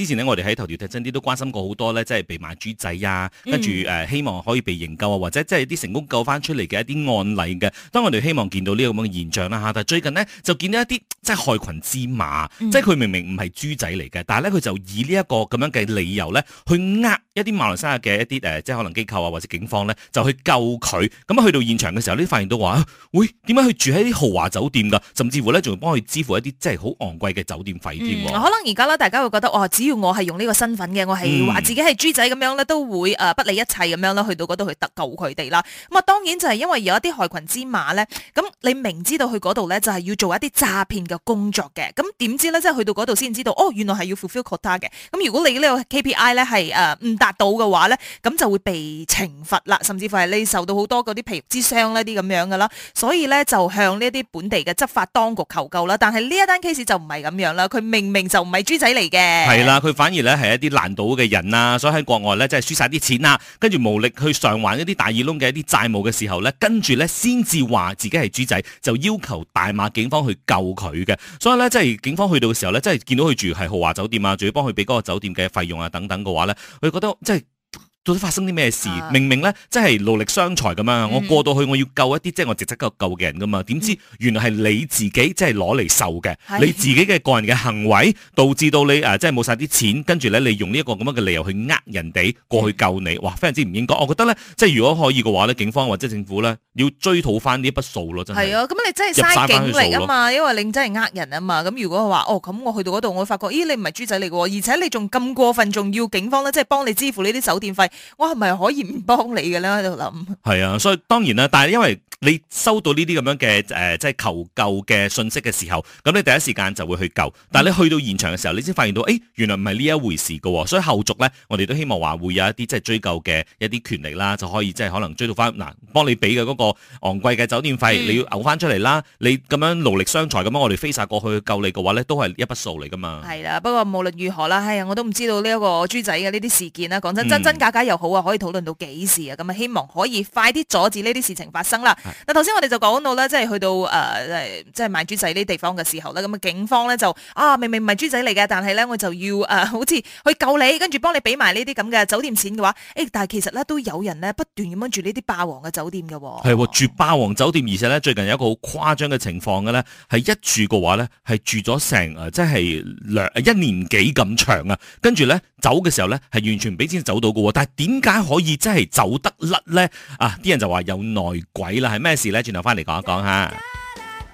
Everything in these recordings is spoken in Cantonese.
之前呢，我哋喺頭條睇真啲都關心過好多咧，即係被賣豬仔啊，跟住誒、呃、希望可以被營救啊，或者即係啲成功救翻出嚟嘅一啲案例嘅。當我哋希望見到呢個咁嘅現象啦嚇，但係最近呢，就見到一啲即係害群之馬，嗯、即係佢明明唔係豬仔嚟嘅，但係咧佢就以呢一個咁樣嘅理由咧，去呃一啲馬來西亞嘅一啲誒，即係可能機構啊，或者警方咧就去救佢。咁去到現場嘅時候，你發現到話，喂、哎，點解佢住喺啲豪華酒店㗎？甚至乎咧仲幫佢支付一啲即係好昂貴嘅酒店費添、嗯。可能而家咧，大家會覺得哇、哦哦哦，只要我係用呢個身份嘅，我係話自己係豬仔咁樣咧，都會誒、呃、不理一切咁樣咧，去到嗰度去得救佢哋啦。咁、嗯、啊，當然就係因為有一啲害群之馬咧，咁、嗯、你明知道去嗰度咧就係要做一啲詐騙嘅工作嘅，咁、嗯、點知咧即係去到嗰度先知道，哦，原來係要 fulfil quota 嘅。咁、嗯、如果你呢個 KPI 咧係誒、呃、唔達到嘅話咧，咁就會被懲罰啦，甚至乎係你受到好多嗰啲皮肉之傷呢啲咁樣嘅啦。所以咧就向呢一啲本地嘅執法當局求救啦。但係呢一單 case 就唔係咁樣啦，佢明明就唔係豬仔嚟嘅。係啦。佢反而咧係一啲爛賭嘅人啊，所以喺國外咧即係輸晒啲錢啊，跟住無力去償還一啲大耳窿嘅一啲債務嘅時候咧，跟住咧先至話自己係豬仔，就要求大馬警方去救佢嘅。所以咧即係警方去到嘅時候咧，即係見到佢住係豪華酒店啊，仲要幫佢俾嗰個酒店嘅費用啊等等嘅話咧，佢覺得即係。到底發生啲咩事？明明咧，即係勞力傷財噶嘛。嗯、我過到去，我要救一啲即係我值得救救嘅人噶嘛。點知原來係你自己即係攞嚟受嘅，的你自己嘅個人嘅行為導致到你誒、啊，即係冇晒啲錢。跟住咧，你用呢一個咁樣嘅理由去呃人哋過去救你，哇！非常之唔應該。我覺得咧，即係如果可以嘅話咧，警方或者政府咧要追討翻呢一筆數咯，真係。係啊，咁你真係嘥警力啊嘛，因為你真係呃人啊嘛。咁如果話哦，咁我去到嗰度，我會發覺咦，你唔係豬仔嚟嘅，而且你仲咁過分，仲要警方咧即係幫你支付呢啲酒店費。我係咪可以唔幫你嘅咧喺度諗？係 啊，所以當然啦，但係因為。你收到呢啲咁樣嘅誒、呃，即係求救嘅信息嘅時候，咁你第一時間就會去救，但係你去到現場嘅時候，你先發現到，誒、哎，原來唔係呢一回事噶喎、哦，所以後續呢，我哋都希望話會有一啲即係追究嘅一啲權力啦，就可以即係可能追到翻嗱，幫你俾嘅嗰個昂貴嘅酒店費，嗯、你要嘔翻出嚟啦，你咁樣勞力傷財咁樣，我哋飛晒過去，去救你嘅話呢，都係一筆數嚟噶嘛。係啦，不過無論如何啦，係、哎、啊，我都唔知道呢一個豬仔嘅呢啲事件啦、啊，講真真、嗯、真假假又好啊，可以討論到幾時啊？咁啊，希望可以快啲阻止呢啲事情發生啦。嗱，頭先我哋就講到啦，即係去到誒，即、呃、係賣豬仔呢地方嘅時候咧，咁啊警方咧就啊明明唔係豬仔嚟嘅，但係咧我就要誒、呃，好似去救你，跟住幫你俾埋呢啲咁嘅酒店錢嘅話，誒、欸，但係其實咧都有人咧不斷咁樣住呢啲霸王嘅酒店嘅喎、哦。係、哦、住霸王酒店，而且咧最近有一個好誇張嘅情況嘅咧，係一住嘅話咧係住咗成誒，即係兩一年幾咁長啊，跟住咧走嘅時候咧係完全唔俾錢走到㗎喎，但係點解可以真係走得甩咧？啊，啲人就話有內鬼啦，是咩事咧？轉頭翻嚟講一講吓。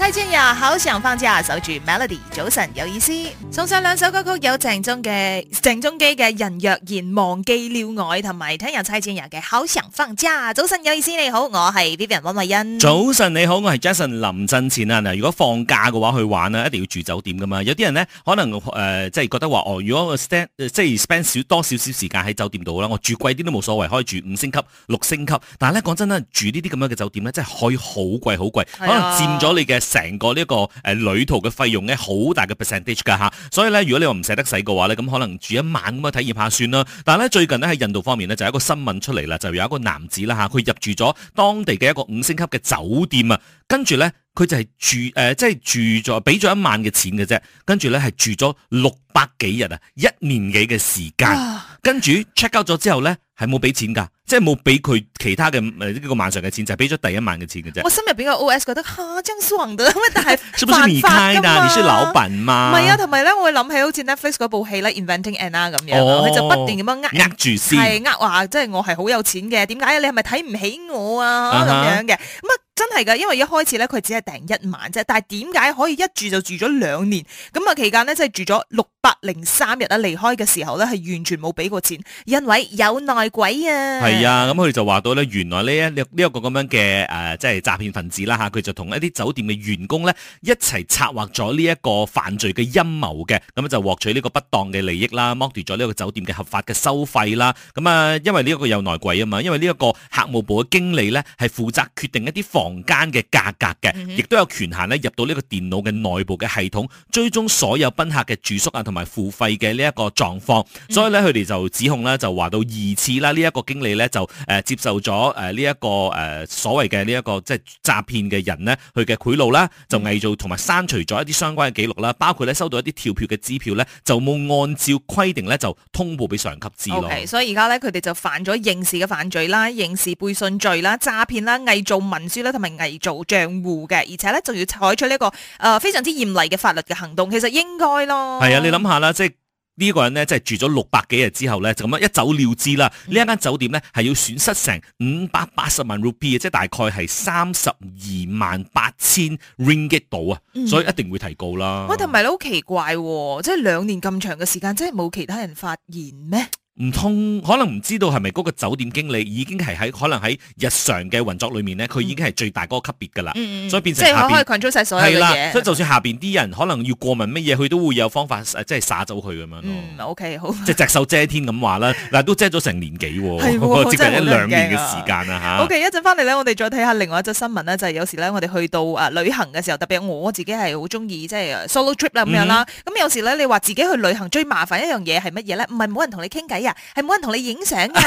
猜拳日，好想放假，守住 melody。早晨有意思，送上兩首歌曲，有鄭中嘅鄭中基嘅《人若然忘記了愛》，同埋聽日猜拳日嘅好想放假。早晨有意思，你好，我係 Vivian 溫慧欣。早晨你好，我係 Jason 林振前啊。嗱，如果放假嘅話去玩啦，一定要住酒店噶嘛。有啲人呢，可能誒、呃，即係覺得話哦，如果誒即係 spend 少多少少時間喺酒店度啦，我住貴啲都冇所謂，可以住五星級、六星級。但係咧講真啦，住呢啲咁樣嘅酒店咧，真係可以好貴，好貴一 一一，可能佔咗你嘅。成個呢個誒旅途嘅費用咧，好大嘅 percentage 噶嚇，所以咧，如果你話唔捨得使嘅話咧，咁可能住一晚咁樣體驗下算啦。但係咧，最近咧喺印度方面咧就有一個新聞出嚟啦，就有一個男子啦嚇，佢入住咗當地嘅一個五星級嘅酒店啊。跟呢住咧，佢、呃、就係、是、住誒，即係住咗，俾咗一晚嘅錢嘅啫。跟呢住咧係住咗六百幾日啊，一年幾嘅時間。唉跟住 check out 咗之後咧，係冇俾錢噶，即係冇俾佢其他嘅呢、呃這個晚上嘅錢，就係俾咗第一晚嘅錢嘅啫。我心入邊個 O S 覺得吓，張叔 啊，但係犯法噶，你個老闆嘛，唔係啊，同埋咧，我會諗起好似 Netflix 嗰部戲咧，Inventing Anna 咁樣，佢、哦、就不斷咁樣呃住先，係呃話，即係我係好有錢嘅，點解啊？你係咪睇唔起我啊？咁、uh huh. 樣嘅咁啊。真係㗎，因為一開始咧佢只係訂一晚啫，但係點解可以一住就住咗兩年？咁啊期間咧即係住咗六百零三日啊！離開嘅時候咧係完全冇俾過錢，因為有內鬼啊！係啊，咁佢就話到咧，原來呢一呢一個咁、這個、樣嘅誒、呃，即係詐騙分子啦吓，佢、啊、就同一啲酒店嘅員工咧一齊策劃咗呢一個犯罪嘅陰謀嘅，咁就獲取呢個不當嘅利益啦，剝奪咗呢個酒店嘅合法嘅收費啦。咁啊，因為呢一個有內鬼啊嘛，因為呢一個客務部嘅經理咧係負責決定一啲房，房間嘅價格嘅，亦、嗯、都有權限咧入到呢個電腦嘅內部嘅系統，追蹤所有賓客嘅住宿啊同埋付費嘅呢一個狀況。嗯、哼所以咧，佢哋就指控咧，就話到二次啦，呢、這、一個經理咧就誒、呃、接受咗誒呢一個誒所謂嘅呢一個即係詐騙嘅人呢，佢嘅賄賂啦，就偽造同埋刪除咗一啲相關嘅記錄啦，包括咧收到一啲跳票嘅支票咧，就冇按照規定咧就通報俾上級知咯。Okay, 所以而家咧，佢哋就犯咗刑事嘅犯罪啦、刑事背信罪啦、詐騙啦、偽造文書咧。名偽造帳戶嘅，而且咧仲要採取呢、這個誒、呃、非常之嚴厲嘅法律嘅行動，其實應該咯。係啊，你諗下啦，即係呢個人咧，即係住咗六百幾日之後咧，就咁樣一走了之啦。呢、嗯、一間酒店咧係要損失成五百八十萬盧比，即係大概係三十二萬八千 ringgit 度啊，嗯、所以一定會提告啦。喂，同埋你好奇怪、哦，即係兩年咁長嘅時間，即係冇其他人發現咩？唔通可能唔知道係咪嗰個酒店經理已經係喺可能喺日常嘅運作裏面咧，佢已經係最大嗰個級別㗎啦，所以變成即係可以群組曬所有嘢。係啦，所以就算下邊啲人可能要過問乜嘢，佢都會有方法即係耍走佢咁樣咯。O K，好，即隻手遮天咁話啦，嗱都遮咗成年幾喎，嗰個接近一兩年嘅時間啦嚇。O K，一陣翻嚟咧，我哋再睇下另外一則新聞咧，就係有時咧，我哋去到啊旅行嘅時候，特別我自己係好中意即係 solo trip 咁樣啦。咁有時咧，你話自己去旅行最麻煩一樣嘢係乜嘢咧？唔係冇人同你傾偈係冇人同你影相噶，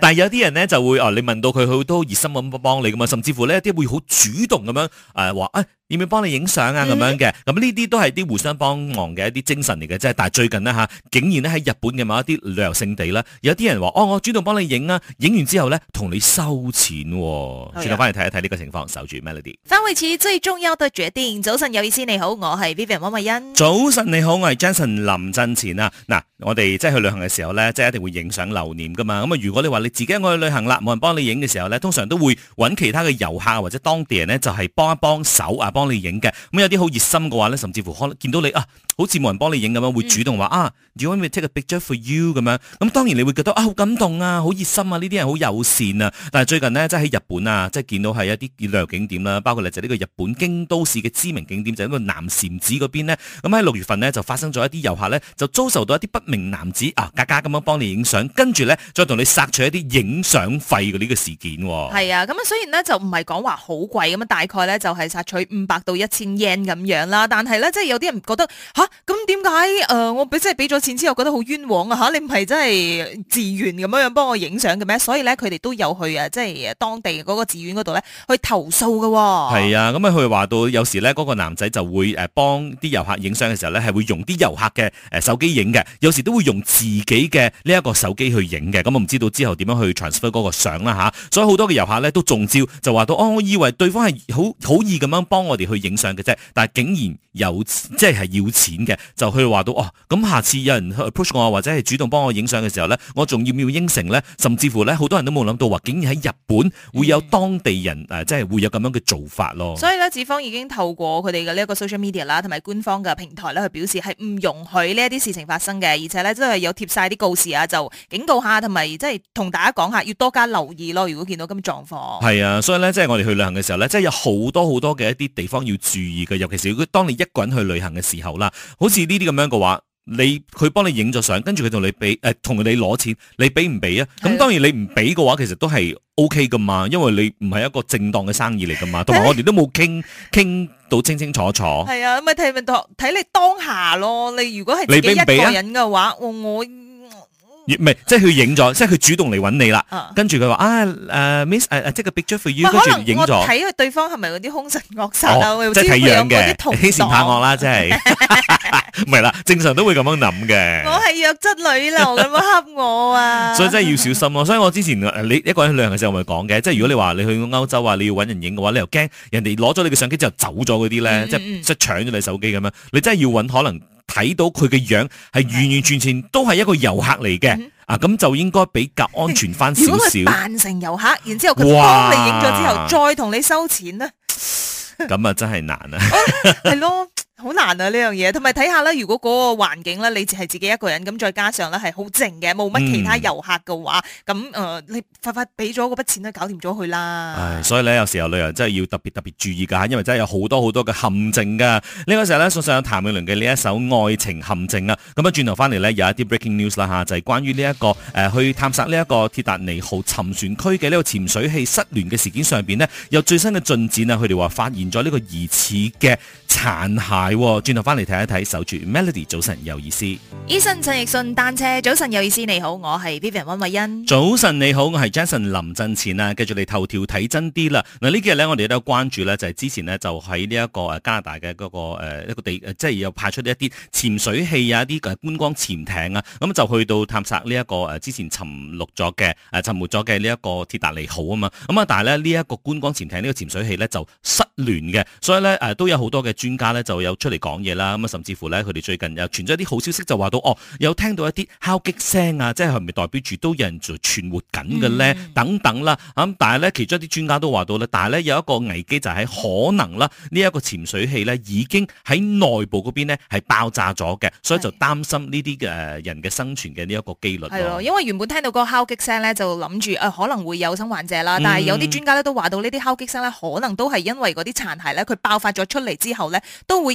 但係有啲人咧就會哦，你問到佢，佢都熱心咁幫你噶嘛，甚至乎呢一啲會好主動咁、哎、樣誒，話誒要唔要幫你影相啊咁樣嘅，咁呢啲都係啲互相幫忙嘅一啲精神嚟嘅即啫。但係最近呢，吓、啊，竟然咧喺日本嘅某一啲旅遊勝地啦，有啲人話哦，我主動幫你影啊，影完之後咧同你收錢，轉頭翻嚟睇一睇呢個情況。守住 Melody，翻回此最重要的決定。早晨，有意思你好，我係 Vivian 汪慧欣。早晨你好，我係 Jason 林振前啊。嗱，我哋即係去旅行嘅時候咧，一定會影相留念噶嘛，咁啊如果你話你自己愛去旅行啦，冇人幫你影嘅時候咧，通常都會揾其他嘅遊客或者當地人咧，就係幫一幫手啊，幫你影嘅。咁有啲好熱心嘅話咧，甚至乎可能見到你啊。好似冇人幫你影咁樣，會主動話啊，如果要 take a picture for you 咁樣，咁當然你會覺得啊好、oh, 感動啊，好熱心啊，呢啲人好友善啊。但係最近呢，即係喺日本啊，即係見到係一啲旅遊景點啦，包括例如呢個日本京都市嘅知名景點就喺、是、個南禪寺嗰邊咧。咁喺六月份呢，就發生咗一啲遊客呢，就遭受到一啲不明男子啊，格格咁樣幫你影相，跟住呢，再同你索取一啲影相費嗰呢個事件。係啊，咁啊，雖然咧就唔係講話好貴咁啊，大概呢，就係索取五百到一千日圓咁樣啦。但係呢，即係有啲人覺得。咁點解誒？我俾，即係俾咗錢之後，覺得好冤枉啊！吓，你唔係真係自願咁樣樣幫我影相嘅咩？所以咧，佢哋都有去，去啊，即係當地嗰個寺院嗰度咧去投訴嘅。係啊，咁啊，佢話到有時咧，嗰個男仔就會誒幫啲遊客影相嘅時候咧，係會用啲遊客嘅誒手機影嘅，有時都會用自己嘅呢一個手機去影嘅。咁我唔知道之後點樣去 transfer 嗰個相啦吓。所以好多嘅遊客咧都中招，就話到哦，我以為對方係好好意咁樣幫我哋去影相嘅啫，但係竟然有即係要錢。嘅就去話到哦，咁下次有人去 push 我或者係主動幫我影相嘅時候咧，我仲要唔要應承咧？甚至乎咧好多人都冇諗到話，竟然喺日本會有當地人誒、嗯啊，即係會有咁樣嘅做法咯。所以咧，子方已經透過佢哋嘅呢一個 social media 啦，同埋官方嘅平台咧去表示係唔容許呢一啲事情發生嘅，而且咧真係有貼晒啲告示啊，就警告下同埋即係同大家講下，要多加留意咯。如果見到咁嘅狀況。係啊，所以咧即係我哋去旅行嘅時候咧，即係有好多好多嘅一啲地方要注意嘅，尤其是當你一個人去旅行嘅時候啦。好似呢啲咁樣嘅話，你佢幫你影咗相，跟住佢同你俾誒，同、呃、你攞錢，你俾唔俾啊？咁是的 當然你唔俾嘅話，其實都係 OK 噶嘛，因為你唔係一個正當嘅生意嚟噶嘛，同埋我哋都冇傾傾到清清楚楚。係啊，咁咪睇明度睇你當下咯。你如果係自己一個人嘅話，我。唔係，即係佢影咗，即係佢主動嚟揾你啦。跟住佢話啊，誒、uh,，Miss，即係個 I take a picture for you 跟住影咗。可能我睇佢對方係咪嗰啲凶神惡煞啊？哦、即係睇樣嘅，欺善怕惡啦，即係。唔係 啦，正常都會咁樣諗嘅。 我係弱質女流咁樣恰我啊！ 所以真係要小心咯、啊。所以我之前你一個人去旅行嘅時候，咪講嘅，即係如果你話你去歐洲啊，你要揾人影嘅話，你又驚人哋攞咗你嘅相機之後走咗嗰啲咧，嗯嗯嗯即係即係搶咗你手機咁樣。你真係要揾可能。睇到佢嘅樣係完完全全都係一個遊客嚟嘅、嗯、啊，咁就應該比較安全翻少少。如果係扮成遊客，然之後佢幫你影咗之後，哇再同你收錢咧，咁 啊真係難 啊，係咯。好難啊呢樣嘢，同埋睇下啦，如果嗰個環境咧，你係自己一個人，咁再加上咧係好靜嘅，冇乜其他遊客嘅話，咁誒，你快快俾咗嗰筆錢都搞掂咗佢啦。所以咧，有時候旅遊真係要特別特別注意㗎，因為真係有好多好多嘅陷阱㗎。呢個時候咧，送上譚詠麟嘅呢一首《愛情陷阱》啊。咁啊，轉頭翻嚟呢，有一啲 breaking news 啦嚇，就係關於呢一個誒去探索呢一個鐵達尼號沉船區嘅呢個潛水器失聯嘅事件上邊呢有最新嘅進展啊。佢哋話發現咗呢個疑似嘅殘骸。係，轉頭翻嚟睇一睇，守住 Melody 早晨有意思。醫生陳奕迅單車早晨有意思。你好，我係 Vivian 溫慧欣。早晨你好，我係 Jason 林振前啊。繼續嚟頭條睇真啲啦。嗱，呢幾日咧，我哋都關注咧，就係、是、之前呢，就喺呢一個誒加拿大嘅嗰、那個誒一個地，即係又派出一啲潛水器啊，一啲觀光潛艇啊，咁、嗯、就去到探測呢一個誒之前沉沒咗嘅誒沉沒咗嘅呢一個鐵達尼號啊嘛。咁、嗯、啊，但係咧呢一、這個觀光潛艇呢、這個潛水器咧就失聯嘅，所以咧誒都有好多嘅專家咧就有。出嚟講嘢啦，咁啊，甚至乎咧，佢哋最近又傳咗一啲好消息就，就話到哦，有聽到一啲敲擊聲啊，即係係咪代表住都有人在存活緊嘅咧？嗯、等等啦，咁、嗯、但係咧，其中一啲專家都話到咧，但係咧有一個危機就係可能啦，呢一個潛水器咧已經喺內部嗰邊咧係爆炸咗嘅，所以就擔心呢啲嘅人嘅生存嘅呢一個機率。係啊，因為原本聽到個敲擊聲咧，就諗住誒可能會有生還者啦，但係有啲專家咧都話到呢啲敲擊聲咧，可能都係因為嗰啲殘骸咧佢爆發咗出嚟之後咧都會。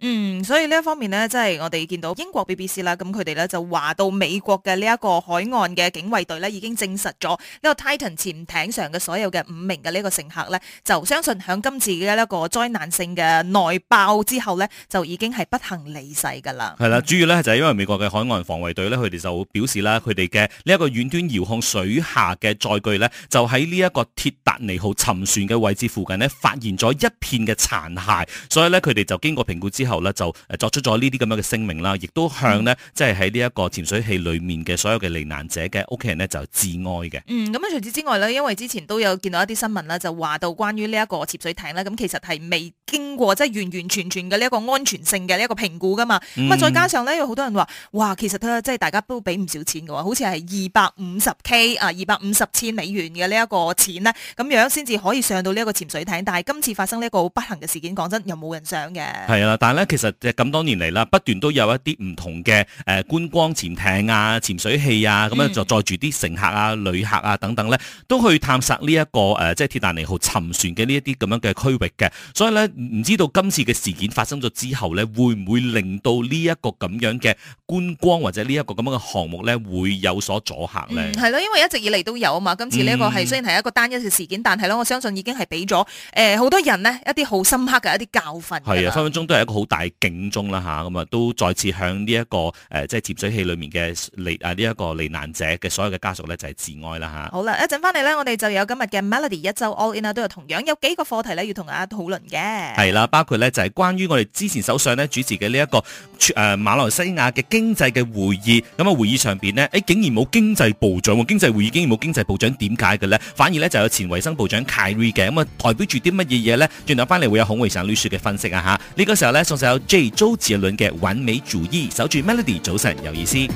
嗯，所以呢一方面呢，即係我哋見到英國 BBC 啦，咁佢哋呢就話到美國嘅呢一個海岸嘅警衛隊呢，已經證實咗呢個 Titan 潛艇上嘅所有嘅五名嘅呢個乘客呢，就相信響今次嘅一個災難性嘅內爆之後呢，就已經係不幸離世噶啦。係啦，主要呢就係因為美國嘅海岸防衛隊呢，佢哋就表示啦，佢哋嘅呢一個遠端遙控水下嘅載具呢，就喺呢一個鐵達尼號沉船嘅位置附近呢，發現咗一片嘅殘骸，所以呢，佢哋就經過評估之後，之後咧就誒作出咗呢啲咁樣嘅聲明啦，亦都向呢，嗯、即係喺呢一個潛水器裏面嘅所有嘅罹難者嘅屋企人呢，就致哀嘅。嗯，咁啊除此之外呢，因為之前都有見到一啲新聞啦，就話到關於呢一個潛水艇咧，咁其實係未經過即係完完全全嘅呢一個安全性嘅呢一個評估噶嘛。咁啊，再加上呢，有好多人話，哇，其實咧、啊、即係大家都俾唔少錢嘅喎，好似係二百五十 K 啊，二百五十千美元嘅呢一個錢呢。」咁樣先至可以上到呢一個潛水艇。但係今次發生呢一個不幸嘅事件，講真又冇人上嘅。係啊，但咧，其實就咁多年嚟啦，不斷都有一啲唔同嘅誒觀光潛艇啊、潛水器啊，咁樣就載住啲乘客啊、旅客啊等等咧，都去探索呢一個誒，即係鐵達尼號沉船嘅呢一啲咁樣嘅區域嘅。所以咧，唔知道今次嘅事件發生咗之後咧，會唔會令到呢一個咁樣嘅觀光或者呢一個咁樣嘅項目咧，會有所阻嚇咧？係咯，因為一直以嚟都有啊嘛。今次呢一個係雖然係一個單一嘅事件，但係咯，我相信已經係俾咗誒好多人咧一啲好深刻嘅一啲教訓。係啊，分分鐘都係一個好。大警鐘啦嚇，咁啊都再次向呢一個誒即係潛水器裏面嘅離啊呢一、這個罹難者嘅所有嘅家屬呢，就係致哀啦嚇。好啦，一陣翻嚟呢，我哋就有今日嘅 Melody 一周 All In 啊，都有同樣有幾個課題呢，要同大家討論嘅。係啦，包括呢，就係關於我哋之前首相呢主持嘅呢一個誒、呃、馬來西亞嘅經濟嘅會議，咁啊會議上邊呢，誒、哎、竟然冇經濟部長喎，經濟會議竟然冇經濟部長點解嘅呢？反而呢，就有前衞生部長 Kairi 嘅，咁啊代表住啲乜嘢嘢呢？轉頭翻嚟會有孔維成律師嘅分析啊嚇。呢個時候呢。首 J 周傑倫嘅《完美主義》，守住 Melody，早晨有意思。